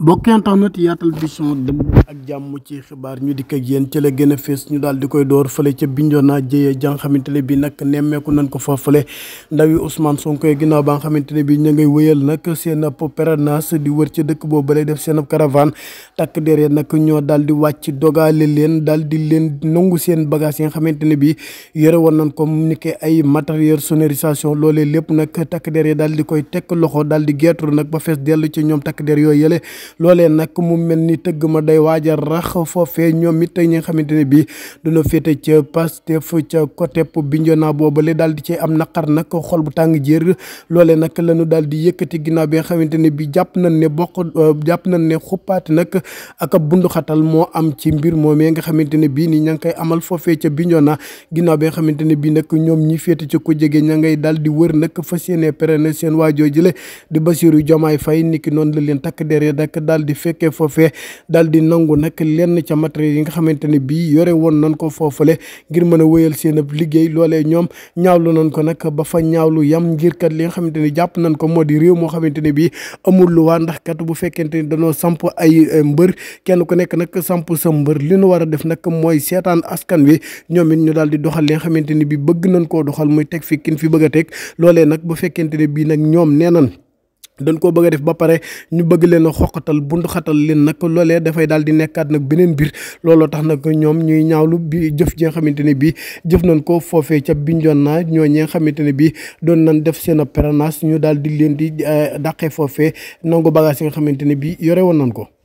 mbokk internet yaatal vision dem ak jàmm ci xibaar ñu dikk ak yéen ci la gën a fees ñu daal di koy door fële ca Bignona jëyee jàng xamante ne bi nag nemmeeku nañ ko fa fële ndawi Ousmane Sonko ginnaaw ba nga xamante ne bi ñu ngay wëyal nag seen ab pèlerinage di wër ci dëkk boobu lay def seen ab caravane takk deree nag ñoo daal di wàcc dogale leen daal di leen nangu seen bagage yi nga xamante ne bi yore woon nañ ko ni ki ay matériel sonorisation loolee lépp nag takk der yi daal di koy tekk loxo daal di geetru nag ba fees dellu ci ñoom takk der yooyu yële loolee nag mu mel ni tëgg ma day waaja rax foofee ñoom it ñi nga xamante ne bii duna féete ca Pastef ca côté Bignona boobale daal di cee am naqar nag xol bu tàng jër loolee nag lañu daal di yëkkati ginnaaw bi nga xamante ne bii jàpp nañ ne bokk jàpp nañ ne xuppaati nag ak ab bunduxatal moo am ci mbir moomee nga xamante ne bii ni ña ngi koy amal foofee ca Bignona ginnaaw bi nga xamante ne bii nag ñoom ñi féete ca ku jege ña ngay daal di wër nag fas yéene pérenne seen waajoo jële di Bassirou Diomaye Faye niki noonu la leen takk derrière nag daal di fekkee foofee daal di nangu nag lenn ca matériel yi nga xamante ne bii yore woon nañ ko le ngir mën a wéyal seen liggéey loolee ñoom ñaawlu nañ ko nag ba fa ñaawlu yam ngir kat li nga xamante ne jàpp nañ ko moo di réew moo xamante ne bii amul luwaa ndax kat bu fekkente ni dañoo samp ay e, mbër kenn ku nekk nag samp sa mbër li nu war a def nag mooy seetaan askan wi ñoom it ñu daal di doxal li nga xamante ne bii bëgg nañ koo doxal muy teg fi kin fi bëgg a teg loolee nag bu fekkente ne bii nag ñoom nee nañ dañ koo bëgg a def ba pare ñu bëgg leen a xoqatal buntu xatal leen nag loolee dafay daal di nekkaat nag beneen biir looloo tax nag ñoom ñuy ñaawlu bi jëf ji nga xamante ne bii jëf nañ ko foofee ca binjoon naa ñoo ñi nga xamante ne bii doon nañ def seen a ñu daal di leen di eh, dàqee foofee nangu bagage yi nga xamante ne bii yore woon nañ ko